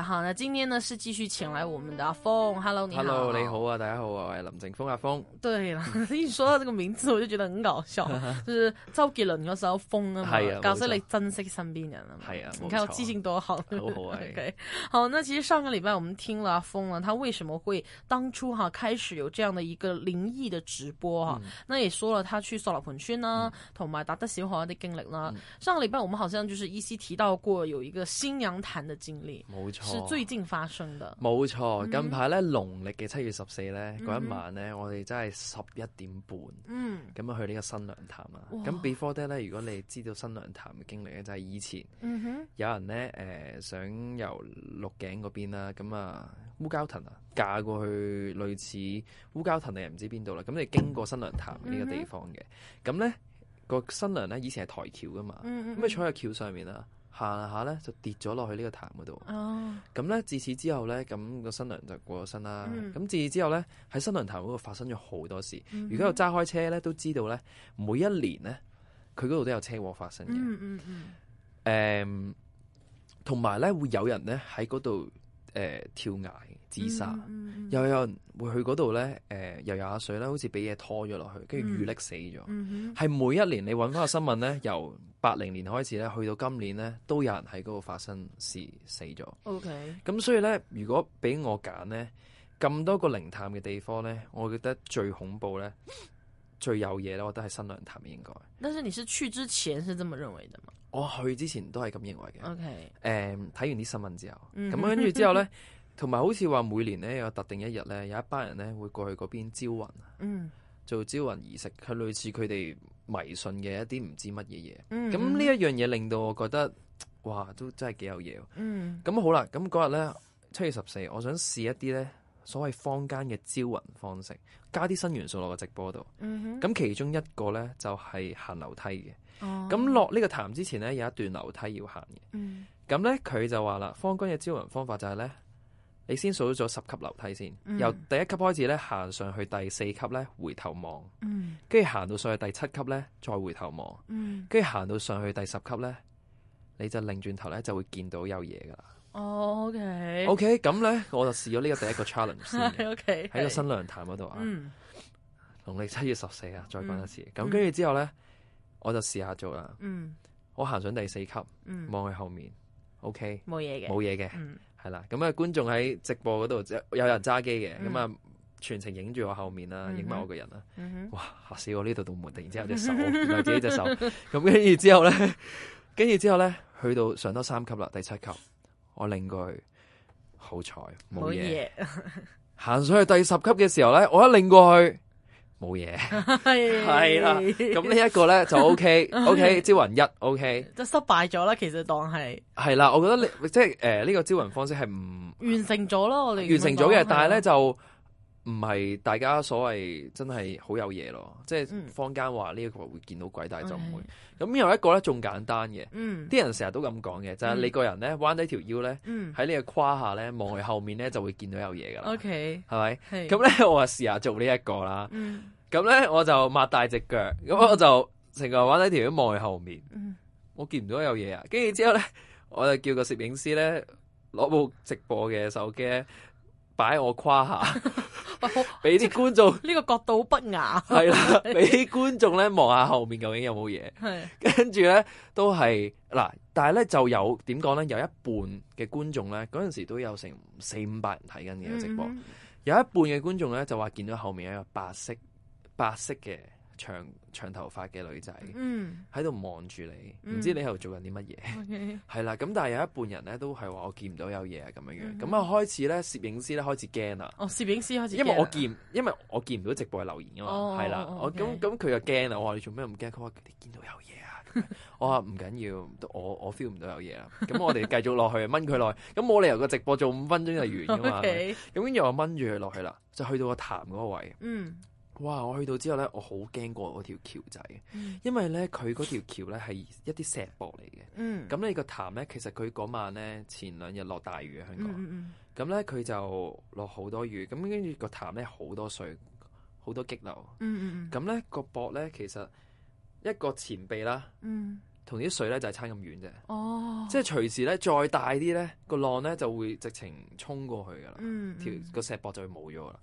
好，那今天呢是繼續請來我們的阿峰，Hello 你好，Hello 你好啊，大家好，我係林正峰阿峰。對啦，一說到這個名字我就覺得很搞笑，就是周杰倫嗰首《風》啊嘛，教識你珍惜身邊人啊，嘛。係啊，你看我記性多好，OK，好，那其實上個禮拜我們聽了阿峰啦，他為什麼會當初哈開始有這樣的一個靈異的直播哈？那也說了，他去掃老墳區呢，同埋打特小黃黃的經歷啦。上個禮拜我們好像就是依稀提到過有一個新娘潭的經歷。冇錯，最近發生嘅。冇錯，嗯、哼近排咧，農曆嘅七月十四咧，嗰、嗯、哼一晚咧，我哋真係十一點半，嗯，咁啊去呢個新娘潭啊。咁哇 before that 咧，如果你知道新娘潭嘅經歷咧，就係、是、以前，嗯、哼，有人咧誒想由鹿頸嗰邊啦，咁啊烏蛟騰啊，嫁過去類似烏蛟騰，你係唔知邊度啦，咁你經過新娘潭呢個地方嘅，咁咧個新娘咧以前係抬轎噶嘛，咁啊坐喺橋上，上面啦。行下咧就跌咗落去呢個潭嗰度，咁咧、oh. 自此之後咧，咁個新娘就過咗身啦。咁、mm. 自此之後咧，喺新娘潭嗰度發生咗好多事。Mm hmm. 如果有揸開車咧，都知道咧，每一年咧，佢嗰度都有車禍發生嘅。嗯嗯嗯。誒，同埋咧會有人咧喺嗰度。誒、呃、跳崖自殺，又、mm hmm. 有，有人會去嗰度咧誒游游下水啦，好似俾嘢拖咗落去，跟住遇溺死咗。係、mm hmm. 每一年你揾翻個新聞咧，由八零年開始咧，去到今年咧，都有人喺嗰度發生事死咗。OK，咁所以咧，如果俾我揀咧，咁多個靈探嘅地方咧，我覺得最恐怖咧。 最有嘢咧，我覺得係新浪潭應該。但是你是去之前是這麼認為的嗎？我去之前都係咁認為嘅。OK，誒、嗯，睇完啲新聞之後，咁跟住之後呢，同埋 好似話每年咧有特定一日呢，有一班人呢會過去嗰邊招魂，mm hmm. 做招魂儀式，佢類似佢哋迷信嘅一啲唔知乜嘢嘢。咁呢一樣嘢令到我覺得，哇，都真係幾有嘢。嗯、mm，咁、hmm. 好啦，咁嗰日呢，七月十四，我想試一啲呢。所謂坊間嘅招魂方式，加啲新元素落個直播度。咁、mm hmm. 其中一個呢，就係行樓梯嘅。咁、oh. 落呢個潭之前呢，有一段樓梯要行嘅。咁、mm hmm. 呢，佢就話啦，坊間嘅招魂方法就係、是、呢，你先數咗十級樓梯先，mm hmm. 由第一級開始呢，行上去第四級呢，回頭望，跟住、mm hmm. 行到上去第七級呢，再回頭望，跟住、mm hmm. 行到上去第十級呢，你就擰轉頭呢，就會見到有嘢噶啦。哦，OK，OK，咁咧我就試咗呢個第一個 challenge 先。喺個新娘潭嗰度啊，農曆七月十四啊，再講一次。咁跟住之後咧，我就試下做啦，我行上第四級，望佢後面，OK，冇嘢嘅，冇嘢嘅，係啦。咁啊，觀眾喺直播嗰度有人揸機嘅，咁啊全程影住我後面啦，影埋我個人啦。哇，吓死我！呢度道門突然之間有隻手，唔係自己隻手。咁跟住之後咧，跟住之後咧，去到上多三級啦，第七級。我擰過去，好彩冇嘢。行 上去第十級嘅時候咧，我一擰過去，冇嘢。係 啦，咁呢一個咧就 O K，O K 招魂一 O K，即失敗咗啦。其實當係係 啦，我覺得你，即係誒呢個招魂方式係唔 完成咗咯。我哋 完成咗嘅， 但係咧就。唔係大家所謂真係好有嘢咯，即係坊間話呢一個會見到鬼，嗯、但係就唔會。咁有一個咧，仲簡單嘅，啲、嗯、人成日都咁講嘅，就係、是、你個人咧彎低條腰咧，喺、嗯、你嘅胯下咧望佢後面咧就會見到有嘢㗎啦。OK，係咪？咁咧，我話試下做呢一個啦。咁咧、嗯、我就擘大隻腳，咁我就成個彎低條腰望佢後面，嗯、我見唔到有嘢啊。跟住之後咧，我就叫個攝影師咧攞部直播嘅手機。擺喺我胯下，俾啲 觀眾眾呢個角度好不雅。係 啦，俾啲觀眾咧望下後面究竟有冇嘢。係 是的，跟住咧都係嗱，但係咧就有點講咧，有一半嘅觀眾咧嗰陣時都有成四五百人睇緊嘅直播，mm hmm. 有一半嘅觀眾咧就話見到後面有一個白色白色嘅。長長頭髮嘅女仔，喺度望住你，唔知你喺度做緊啲乜嘢？係啦，咁但係有一半人咧都係話我見唔到有嘢啊咁樣樣，咁啊開始咧攝影師咧開始驚啦。哦，攝影師開始，因為我見，因為我見唔到直播嘅留言噶嘛，係啦。我咁咁佢又驚啊！我話你做咩咁驚？佢話佢見到有嘢啊！我話唔緊要，我我 feel 唔到有嘢啦。咁我哋繼續落去，掹佢落去。咁冇理由個直播做五分鐘就完噶嘛？咁我掹住佢落去啦，就去到個潭嗰個位。嗯。哇！我去到之後咧，我好驚過嗰條橋仔，因為咧佢嗰條橋咧係一啲石壆嚟嘅。咁你個潭咧，其實佢嗰晚咧前兩日落大雨啊，香港。咁咧佢就落好多雨，咁跟住個潭咧好多水，好多激流。咁咧個壆咧，其實一個前臂啦，同啲水咧就係差咁遠啫。即係隨時咧再大啲咧，個浪咧就會直情衝過去㗎啦。條個石壆就會冇咗㗎啦。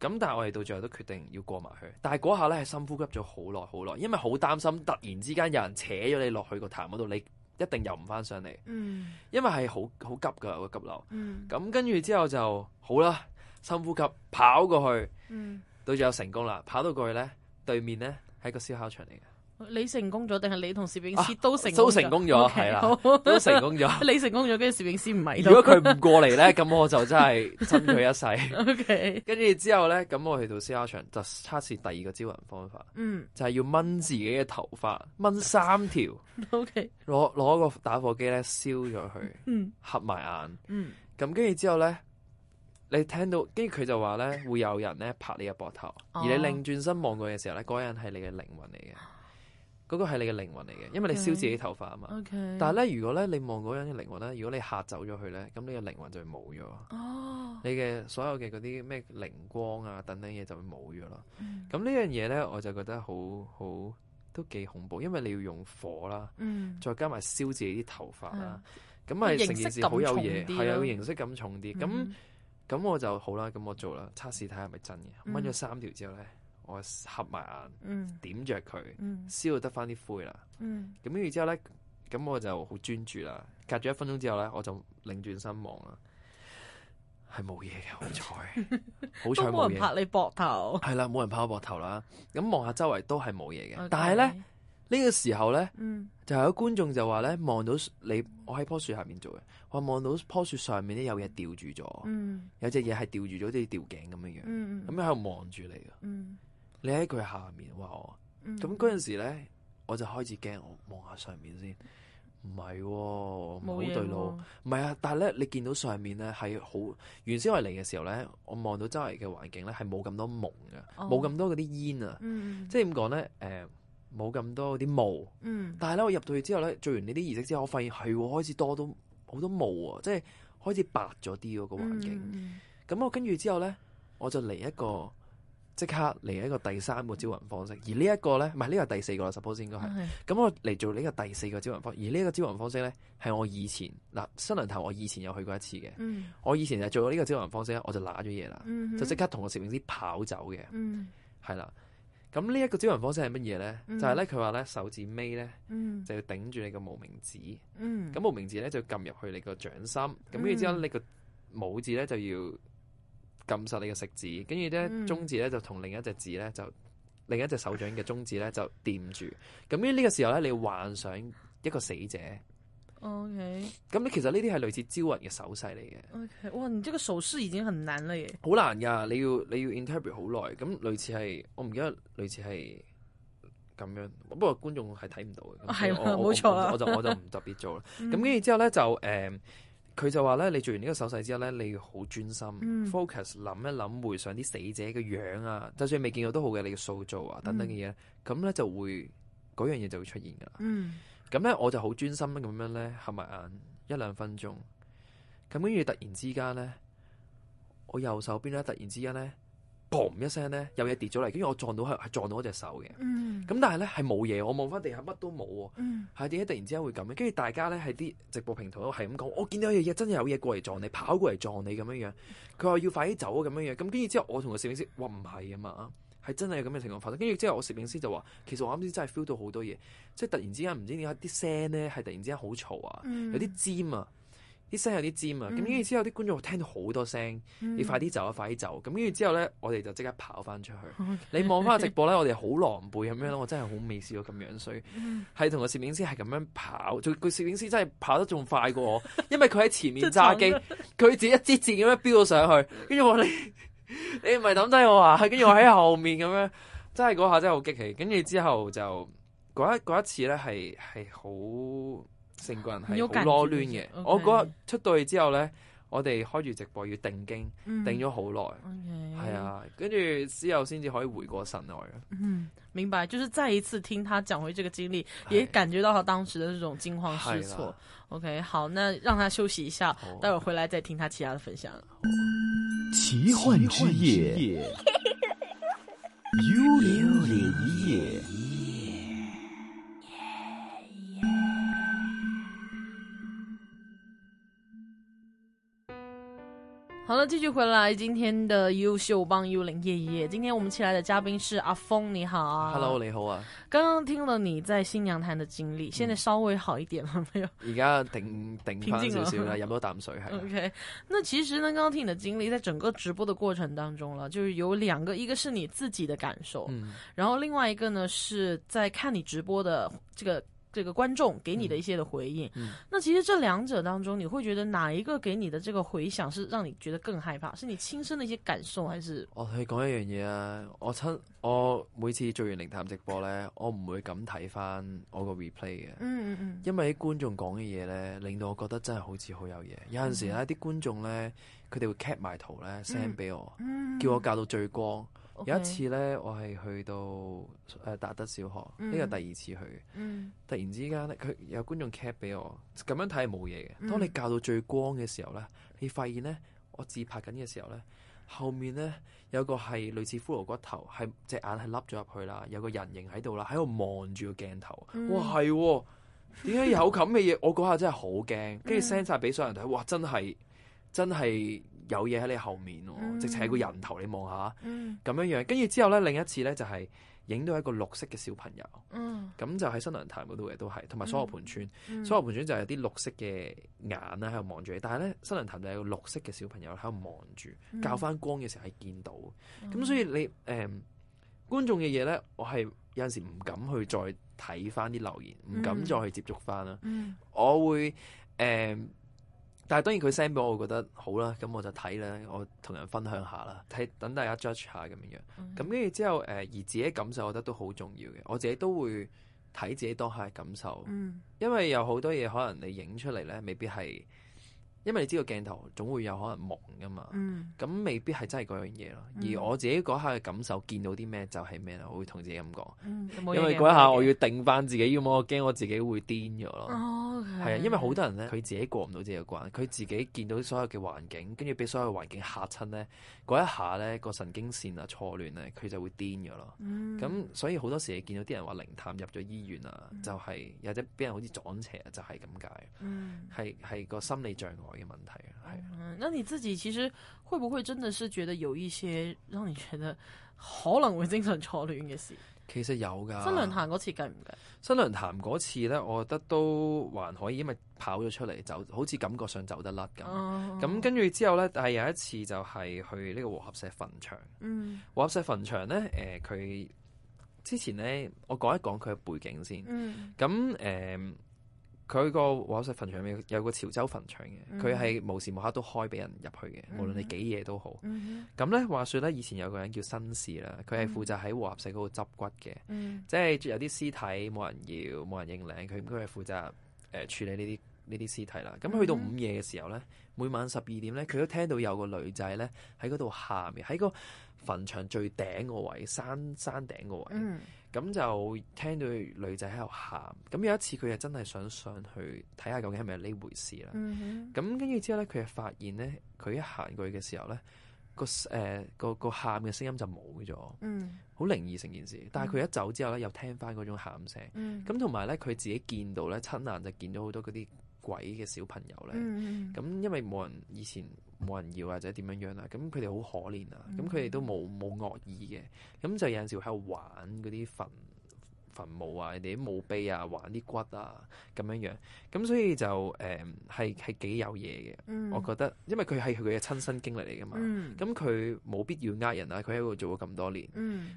咁但係我哋到最後都決定要過埋去，但係嗰下咧係深呼吸咗好耐好耐，因為好擔心突然之間有人扯咗你落去個潭嗰度，你一定游唔翻上嚟。嗯，因為係好好急噶個急流。嗯，咁跟住之後就好啦，深呼吸，跑過去。嗯，到最後成功啦，跑到過去咧，對面咧係個燒烤場嚟嘅。你成功咗，定係你同攝影師都成功咗？都成功咗，係啦，都成功咗。你成功咗，跟住攝影師唔係。如果佢唔過嚟咧，咁我就真係憎佢一世。OK，跟住之後咧，咁我去到 C R 場就測試第二個招魂方法。嗯，就係要掹自己嘅頭髮，掹三條。OK，攞攞一個打火機咧，燒咗佢。嗯，合埋眼。嗯，咁跟住之後咧，你聽到，跟住佢就話咧，會有人咧拍你嘅膊頭，而你擰轉身望佢嘅時候咧，嗰人係你嘅靈魂嚟嘅。嗰個係你嘅靈魂嚟嘅，因為你燒自己頭髮啊嘛。但係咧，如果咧你望嗰樣嘅靈魂咧，如果你嚇走咗佢咧，咁你嘅靈魂就會冇咗。哦，你嘅所有嘅嗰啲咩靈光啊等等嘢就會冇咗啦。咁呢樣嘢咧，我就覺得好好都幾恐怖，因為你要用火啦，再加埋燒自己啲頭髮啦，咁係成件事好有嘢，係啊，會形式感重啲。咁咁我就好啦，咁我做啦，測試睇下係咪真嘅。掹咗三條之後咧。我合埋眼，點着佢，燒到得翻啲灰啦。咁跟住之後咧，咁我就好專注啦。隔咗一分鐘之後咧，我就擰轉身望啦，係冇嘢嘅，好彩，好彩冇人拍你膊頭。係啦，冇人拍我膊頭啦。咁望下周圍都係冇嘢嘅。但係咧，呢個時候咧，就有觀眾就話咧，望到你，我喺棵樹下面做嘅，我望到棵樹上面咧有嘢吊住咗，有隻嘢係吊住咗，好似吊頸咁樣樣。咁喺度望住你嘅。你喺佢下面話我，咁嗰陣時咧，我就開始驚。我望下上面先，唔係、啊，好、啊、對路，唔係啊。但係咧，你見到上面咧係好原先我嚟嘅時候咧，我望到周圍嘅環境咧係冇咁多霧嘅，冇咁、哦、多嗰啲煙啊，即係點講咧？誒，冇、呃、咁多嗰啲霧。嗯、但係咧，我入到去之後咧，做完呢啲儀式之後，我發現係開始多咗好多霧啊，即、就、係、是、開始白咗啲嗰個環境。咁我跟住之後咧，我就嚟一個。即刻嚟一個第三個招魂方式，而呢一個咧，唔係呢個第四個啦，十波先應該係。咁我嚟做呢個第四個招魂方，而呢一個招魂方式咧，係我以前嗱新娘頭，我以前有去過一次嘅。我以前就做過呢個招魂方式咧，我就揦咗嘢啦，就即刻同個攝影師跑走嘅。係啦，咁呢一個招魂方式係乜嘢咧？就係咧佢話咧手指尾咧，就要頂住你個無名指。咁無名指咧就撳入去你個掌心，咁跟住之後你個拇指咧就要。撳實你嘅食指，跟住咧中指咧就同另一隻指咧就另一隻手掌嘅中指咧就掂住。咁呢呢個時候咧，你幻想一個死者。O K. 咁你其實呢啲係類似招魂嘅手勢嚟嘅。OK. 哇，你這個手勢已經很難了耶。好難噶，你要你要 interpret 好耐。咁類似係，我唔記得類似係咁樣。不過觀眾係睇唔到嘅，係冇錯啦。我就我就唔特別做啦。咁跟住之後咧就誒。嗯佢就話咧，你做完呢個手勢之後咧，你要好專心、嗯、focus，諗一諗回想啲死者嘅樣啊，嗯、就算未見過都好嘅，你嘅塑造啊等等嘅嘢咧，咁咧、嗯、就會嗰樣嘢就會出現噶啦。咁咧、嗯、我就好專心咁樣咧合埋眼一兩分鐘，咁跟住突然之間咧，我右手邊咧突然之間咧。砰！一聲咧，有嘢跌咗嚟，跟住我撞到係撞到嗰隻手嘅。咁、嗯、但係咧係冇嘢，我望翻地下乜都冇喎。係點解突然之間會咁咧？跟住大家咧係啲直播平台都係咁講，我見到有嘢真係有嘢過嚟撞你，跑過嚟撞你咁樣樣。佢話要快啲走啊咁樣樣。咁跟住之後，我同個攝影師話唔係啊嘛，係真係有咁嘅情況發生。跟住之後，我攝影師就話其實我啱先真係 feel 到好多嘢，即係突然之間唔知點解啲聲咧係突然之間好嘈啊，嗯、有啲尖啊。啲聲有啲尖啊！咁跟住之後，啲觀眾聽到好多聲，嗯、你快啲走啊！快啲走！咁跟住之後咧，我哋就即刻跑翻出去。Okay. 你望翻個直播咧， 我哋好狼狽咁樣咯。我真係好未試過咁樣，所以係同個攝影師係咁樣跑。做個攝影師真係跑得仲快過我，因為佢喺前面揸機，佢 了自己一支箭咁樣飆咗上去。跟住我，你你唔係抌低我啊！跟住我喺後面咁樣， 真係嗰下真係好激氣。跟住之後就嗰一一次咧，係係好。成個人係好囉攣嘅，覺我嗰日出到去之後呢，嗯、我哋開住直播要定經，定咗好耐，係、嗯 okay，啊，跟住之後先至可以回過神來嘅。嗯，明白，就是再一次聽他講回這個經歷，是也感覺到他當時的這種驚慌失措。的 OK，好，那讓他休息一下，好待會回來再聽他其他的分享。奇幻之夜， 幽靈夜。好了，繼續回來，今天的優秀幫幽靈夜夜，yeah, yeah, 今天我們請來的嘉賓是阿峰，你好啊，hello 你好啊，剛剛聽了你在新娘潭的經歷，現在稍微好一點了沒有？而家、嗯、 定定翻少少啦，飲多啖水係。OK，那其實呢，剛剛聽你的經歷，在整個直播的過程當中啦，就是有兩個，一個是你自己的感受，嗯、然後另外一個呢，是在看你直播的這個。這個觀眾給你的一些的回應，嗯嗯、那其實這兩者當中，你會覺得哪一個給你的這個回響是讓你覺得更害怕，是你親身的一些感受，還是？我同你講一樣嘢啊，我親，我每次做完靈探直播咧，我唔會咁睇翻我個 replay 嘅，嗯，嗯嗯嗯，因為啲觀眾講嘅嘢咧，令到我覺得真係好似好有嘢。有陣時咧，啲、嗯、觀眾咧，佢哋會 cap 埋圖咧，send 俾我，嗯嗯、叫我教到最光。有一次咧，Okay. 我係去到誒達德小學，呢個、嗯、第二次去。嗯、突然之間咧，佢有觀眾 cap 俾我，咁樣睇係冇嘢嘅。當你較到最光嘅時候咧，嗯、你發現咧，我自拍緊嘅時候咧，後面咧有個係類似骷髏骨頭，係隻眼係凹咗入去啦，有個人形喺度啦，喺度望住個鏡頭。嗯、哇係，點解、哦、有咁嘅嘢？ 我嗰下真係好驚，跟住 send 曬俾所有人睇。哇，真係真係。真有嘢喺你後面喎，直情係個人頭你望下，咁樣樣。跟住之後咧，另一次咧就係影到一個綠色嘅小朋友。咁就喺新娘潭嗰度嘅都係，同埋鎖羅盆村。鎖羅盆村就係有啲綠色嘅眼咧喺度望住你，但係咧新娘潭就係一個綠色嘅小朋友喺度望住，較翻光嘅時候係見到。咁所以你誒觀眾嘅嘢咧，我係有陣時唔敢去再睇翻啲留言，唔敢再去接觸翻啦。我會誒。但係當然佢 send 俾我，我覺得好啦，咁我就睇啦，我同人分享下啦，睇等大家 judge 下咁樣樣，咁跟住之後誒、呃，而自己感受，我覺得都好重要嘅，我自己都會睇自己當下嘅感受，嗯、因為有好多嘢可能你影出嚟咧，未必係。因為你知道鏡頭總會有可能矇㗎嘛，咁、嗯、未必係真係嗰樣嘢咯。嗯、而我自己嗰下嘅感受見到啲咩就係咩啦，我會同自己咁講。因為嗰一下我要定翻自己，要咁我驚我自己會癲咗咯。係啊，因為好多人咧，佢自己過唔到自己嘅關，佢自己見到所有嘅環境，跟住俾所有嘅環境嚇親咧，嗰一下咧個神經線啊錯亂咧，佢就會癲咗咯。咁、嗯、所以好多時你見到啲人話靈探入咗醫院啊，嗯、就係、是、或者俾人好似撞邪就係咁解，係係、嗯、個心理障礙。嘅問題係，嗯，那你自己其實會唔會真的是覺得有一些讓你覺得可能會精神錯亂嘅事？其實有噶，新娘潭嗰次計唔計？新娘潭嗰次咧，我覺得都還可以，因為跑咗出嚟走，好似感覺上走得甩咁。咁、哦嗯嗯、跟住之後咧，但係有一次就係去呢個和合石墳場。嗯，和合石墳場咧，誒、呃，佢之前咧，我講一講佢嘅背景先。嗯，咁誒、嗯。佢個和合石墳場入面有個潮州墳場嘅，佢係、mm hmm. 無時無刻都開俾人入去嘅，mm hmm. 無論你幾夜都好。咁咧、mm hmm. 話説咧，以前有個人叫紳士啦，佢係負責喺和合石嗰度執骨嘅，mm hmm. 即係有啲屍體冇人要、冇人認領，佢應該係負責誒、呃、處理呢啲呢啲屍體啦。咁去到午夜嘅時候咧，mm hmm. 每晚十二點咧，佢都聽到有個女仔咧喺嗰度喊，面，喺個墳場最頂個位、山山頂個位。Mm hmm. 咁就聽到女仔喺度喊。咁有一次佢就真係想上去睇下，究竟係咪呢回事啦。咁跟住之後咧，佢就發現咧，佢一行過去嘅時候咧，個誒、呃、個個喊嘅聲音就冇咗，好、mm hmm. 靈異成件事。但係佢一走之後咧，又聽翻嗰種喊聲。咁同埋咧，佢、hmm. 自己見到咧，親眼就見到好多嗰啲鬼嘅小朋友咧。咁、mm hmm. 因為冇人以前。冇人要或者點樣樣啦，咁佢哋好可憐啊，咁佢哋都冇冇惡意嘅，咁就有陣時喺度玩啲墳。墳墓啊，你哋啲墓碑啊，還啲骨啊，咁樣樣，咁所以就誒係係幾有嘢嘅，嗯、我覺得，因為佢係佢嘅親身經歷嚟噶嘛，咁佢冇必要呃人啊，佢喺度做咗咁多年，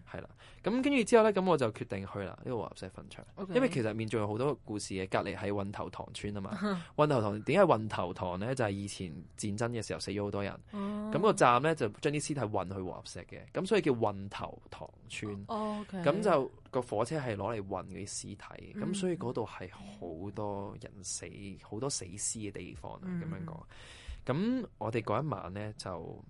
係啦、嗯，咁跟住之後咧，咁我就決定去啦，呢、這個和合石墳場，Okay. 因為其實面仲有好多故事嘅，隔離喺運頭塘村啊嘛，運 頭塘點解運頭塘咧？就係、是、以前戰爭嘅時候死咗好多人，咁、嗯、個站咧就將啲屍體運去和合石嘅，咁所以叫運頭塘村，咁 Okay. 就。個火車係攞嚟運嗰啲屍體，咁、嗯、所以嗰度係好多人死、好、嗯、多死屍嘅地方啊！咁、嗯、樣講，咁我哋嗰一晚呢，就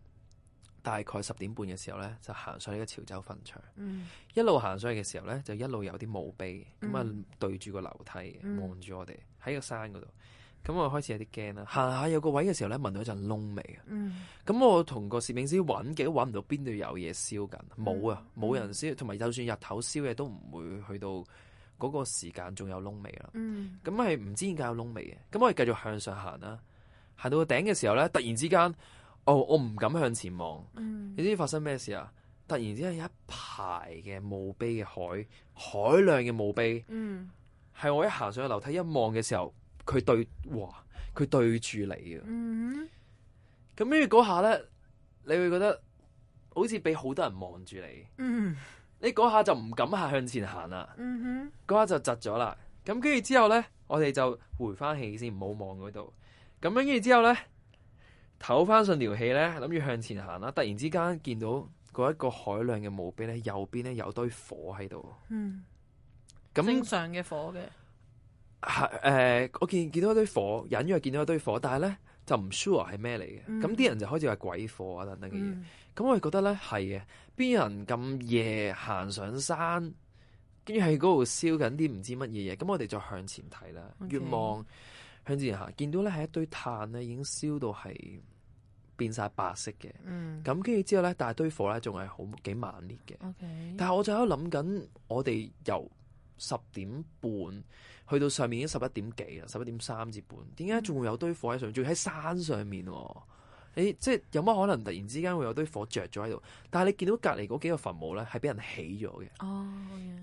大概十點半嘅時候呢，就行上呢個潮州墳場，嗯、一路行上去嘅時候呢，就一路有啲墓碑咁啊，嗯、對住個樓梯望住、嗯、我哋喺個山嗰度。咁我開始有啲驚啦，行下有個位嘅時候咧，聞到一陣燶味啊！咁、嗯、我同個攝影師揾極都揾唔到邊度有嘢燒緊，冇啊，冇人燒，同埋、嗯、就算日頭燒嘢都唔會去到嗰個時間仲有燶味啦。咁係唔知點解有燶味嘅，咁我繼續向上行啦。行到個頂嘅時候咧，突然之間，哦，我唔敢向前望。嗯、你知發生咩事啊？突然之間有一排嘅墓碑嘅海，海量嘅墓碑，係、嗯、我一行上去樓梯一望嘅時候。佢對哇，佢對住你啊！咁跟住嗰下咧，你會覺得好似俾好多人望住你。嗯、哼你嗰下就唔敢吓向前行啦。嗰下、嗯、哼就窒咗啦。咁跟住之後咧，我哋就回翻氣先，唔好望嗰度。咁跟住之後咧，唞翻順條氣咧，諗住向前行啦。突然之間見到嗰一個海量嘅墓碑咧，右邊咧有堆火喺度。咁、嗯、樣正常嘅火嘅。係、啊呃、我見見到一堆火，隱約見到一堆火，但係咧就唔 sure 係咩嚟嘅。咁啲、嗯、人就開始話鬼火啊等等嘅嘢。咁、嗯、我哋覺得咧係嘅，邊有人咁夜行上山，跟住喺嗰度燒緊啲唔知乜嘢嘢。咁我哋就向前睇啦，okay, 越望向前行，見到咧係一堆炭咧已經燒到係變晒白色嘅。嗯，咁跟住之後咧，大堆火咧仲係好幾猛烈嘅。Okay, 嗯、但係我就喺度諗緊，我哋由十點半去到上面已經十一點幾啦，十一點三至半。點解仲會有堆火喺上面？仲要喺山上面、啊？誒、欸，即係有乜可能突然之間會有堆火着咗喺度？但係你見到隔離嗰幾個墳墓咧，係俾人起咗嘅，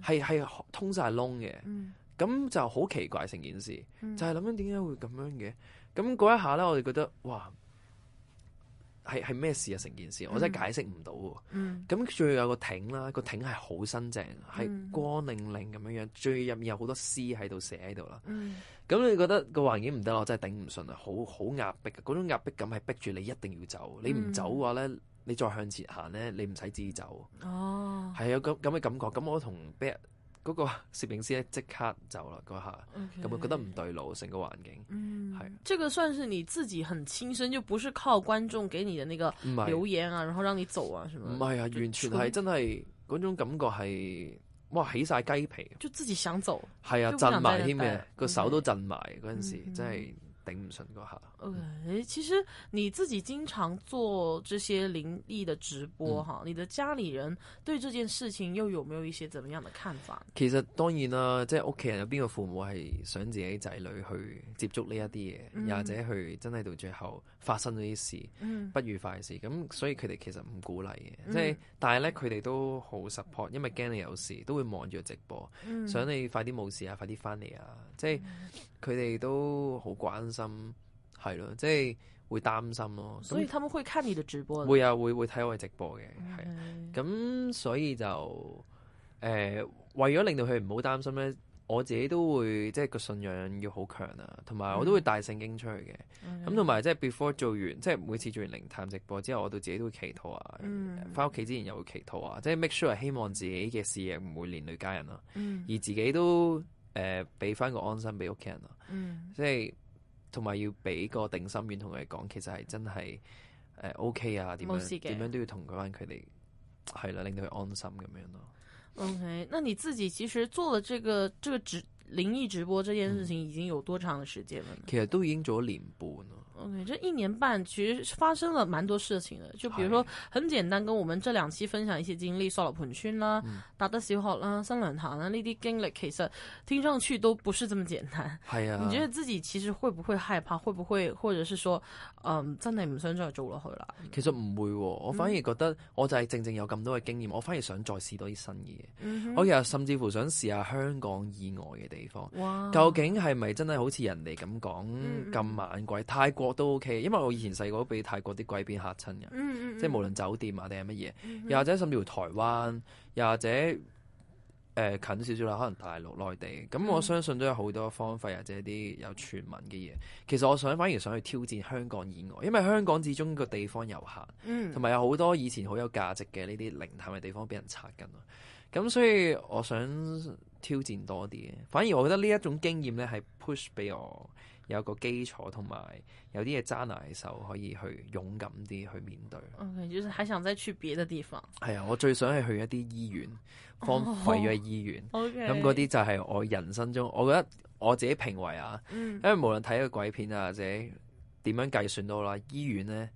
係係、oh, okay. 通晒窿嘅。咁就好奇怪成件事，mm. 就係諗緊點解會咁樣嘅？咁嗰一下咧，我哋覺得哇！係係咩事啊？成件事、嗯、我真係解釋唔到喎。咁仲、嗯、有個艇啦，個艇係好新淨，係、嗯、光寧寧咁樣樣。最入面有好多詩喺度寫喺度啦。咁、嗯、你覺得個環境唔得，我真係頂唔順啊！好好壓迫，嗰種壓迫感係逼住你一定要走。你唔走嘅話咧，嗯、你再向前行咧，你唔使自己走。哦，係有咁咁嘅感覺。咁我同嗰個攝影師咧，即刻走啦嗰下，咁我覺得唔對路，成個環境，係。這個算是你自己很親身，就不是靠觀眾給你的那個留言啊，然後讓你走啊，什麼？唔係啊，完全係真係嗰種感覺係，哇，起晒雞皮，就自己想走。係啊，震埋添嘅，個手都震埋嗰陣時，真係。頂唔順下。其實你自己經常做這些靈異的直播，哈，你的家裡人對這件事情又有沒有一些怎麼樣的看法？其實當然啦，即係屋企人有邊個父母係想自己仔女去接觸呢一啲嘢，或者去真係到最後發生咗啲事，不愉快嘅事，咁所以佢哋其實唔鼓勵嘅。即係，但係咧佢哋都好 support，因為驚你有事，都會望住直播，想你快啲冇事啊，快啲翻嚟啊。即係，佢哋都好關心。心係咯，即係會擔心咯。所以佢哋會睇你直播，會啊，會會睇我嘅直播嘅，係咁。所以就誒，為咗令到佢唔好擔心咧，我自己都會即係個信仰要好強啊，同埋我都會帶聖經出去嘅。咁同埋即係 before 做完，即係每次做完靈探直播之後，我自己都會祈禱啊。翻屋企之前又會祈禱啊，即係 make sure 希望自己嘅事業唔會連累家人咯，而自己都誒俾翻個安心俾屋企人咯。即係。同埋要俾個定心丸同佢講，其實係真係誒 OK 啊，點樣點樣都要同佢翻佢哋係啦，令到佢安心咁樣咯。OK，那你自己其實做了這個這個直靈異直播這件事情已經有多長嘅時間了？嗯，其實都已經做咗年半。O.K. 這一年半其實發生了蠻多事情嘅，就比如說，很簡單跟我們這兩期分享一些經歷，鎖羅盆村啦，達德小學啦，新娘潭啦呢啲經歷其實聽上去都不是這麼簡單。係啊，你覺得自己其實會不會害怕？會不會？或者是說，呃、真係唔想再做落去啦？其實唔會、哦，嗯、我反而覺得，我就係正正有咁多嘅經驗，我反而想再試多啲新嘢。嗯、哼我其實甚至乎想試下香港以外嘅地方，哇究竟係咪真係好似人哋咁講咁猛鬼太國？我都 OK，因為我以前細個都俾泰國啲鬼片嚇親人，嗯嗯、即係無論酒店啊定係乜嘢，嗯嗯、又或者甚至乎台灣，又或者誒、呃、近少少啦，可能大陸內地，咁我相信都有好多方法，或者啲有傳聞嘅嘢。其實我想反而想去挑戰香港以外，因為香港始終個地方有限，同埋有好多以前好有價值嘅呢啲靈探嘅地方俾人拆緊咯。咁所以我想挑戰多啲，反而我覺得呢一種經驗咧係 push 俾我。有個基礎同埋有啲嘢揸硬手可以去勇敢啲去面對。我覺、okay, 就是還想再去別的地方。係啊，我最想係去一啲醫院，荒廢咗嘅醫院。咁嗰啲就係我人生中，我覺得我自己評為啊，嗯、因為無論睇個鬼片啊，或者點樣計算都好啦，醫院咧。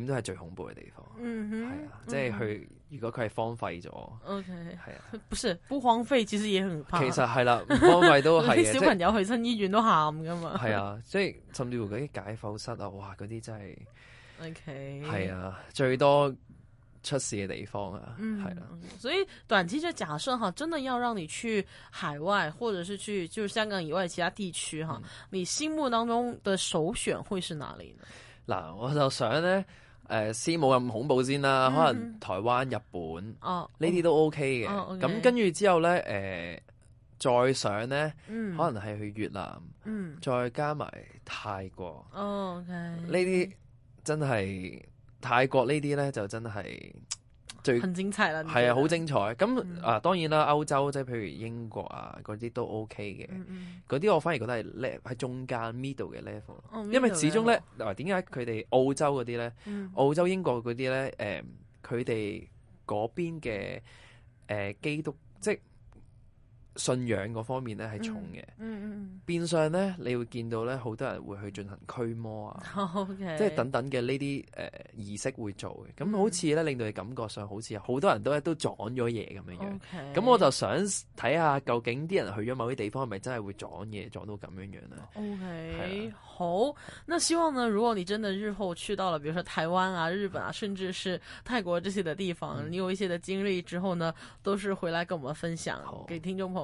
點都係最恐怖嘅地方，係、嗯、哼啊，即係佢，嗯、哼如果佢係荒廢咗，OK，係啊，不是不荒廢，其實也很怕。其實係啦，啊、荒廢都係。 小朋友去親醫院都喊噶嘛。係啊，即係甚至乎嗰啲解剖室啊，哇，嗰啲真係。OK。係啊，最多出事嘅地方啊，係啦 Okay,、啊嗯。所以短期就假設哈、啊，真的要讓你去海外，或者是去就香港以外其他地區哈，啊嗯、你心目當中的首選會是哪裏呢？嗱，我就想咧，誒先冇咁恐怖先啦，嗯、可能台灣、日本呢啲、哦、都 OK 嘅，咁、哦 okay，跟住之後咧，誒、呃、再想咧，嗯、可能係去越南，嗯、再加埋泰國，呢啲、哦 okay，真係、嗯、泰國呢啲咧就真係。最精彩啦，係啊，好 精彩。咁、嗯、啊，當然啦，歐洲即係譬如英國啊，嗰啲都 OK 嘅。嗰啲、嗯嗯、我反而覺得係 level 喺中間 middle 嘅 level，、哦、level。因為始終咧，嗱點解佢哋澳洲嗰啲咧，嗯、澳洲英國嗰啲咧，誒佢哋嗰邊嘅誒、呃、基督即係。信仰嗰方面咧係重嘅，嗯嗯、變相咧你會見到咧好多人會去進行驅魔啊，okay, 即係等等嘅呢啲誒儀式會做嘅，咁好似咧、嗯、令到你感覺上好似好多人都咧都撞咗嘢咁樣樣，咁 okay, 我就想睇下究竟啲人去咗某啲地方係咪真係會撞嘢撞到咁樣樣咧？OK，、啊、好，那希望呢如果你真的日後去到了，比如說台灣啊、日本啊，甚至是泰國這些的地方，嗯、你有一些的經歷之後呢，都是回來跟我們分享，好好給聽眾朋友。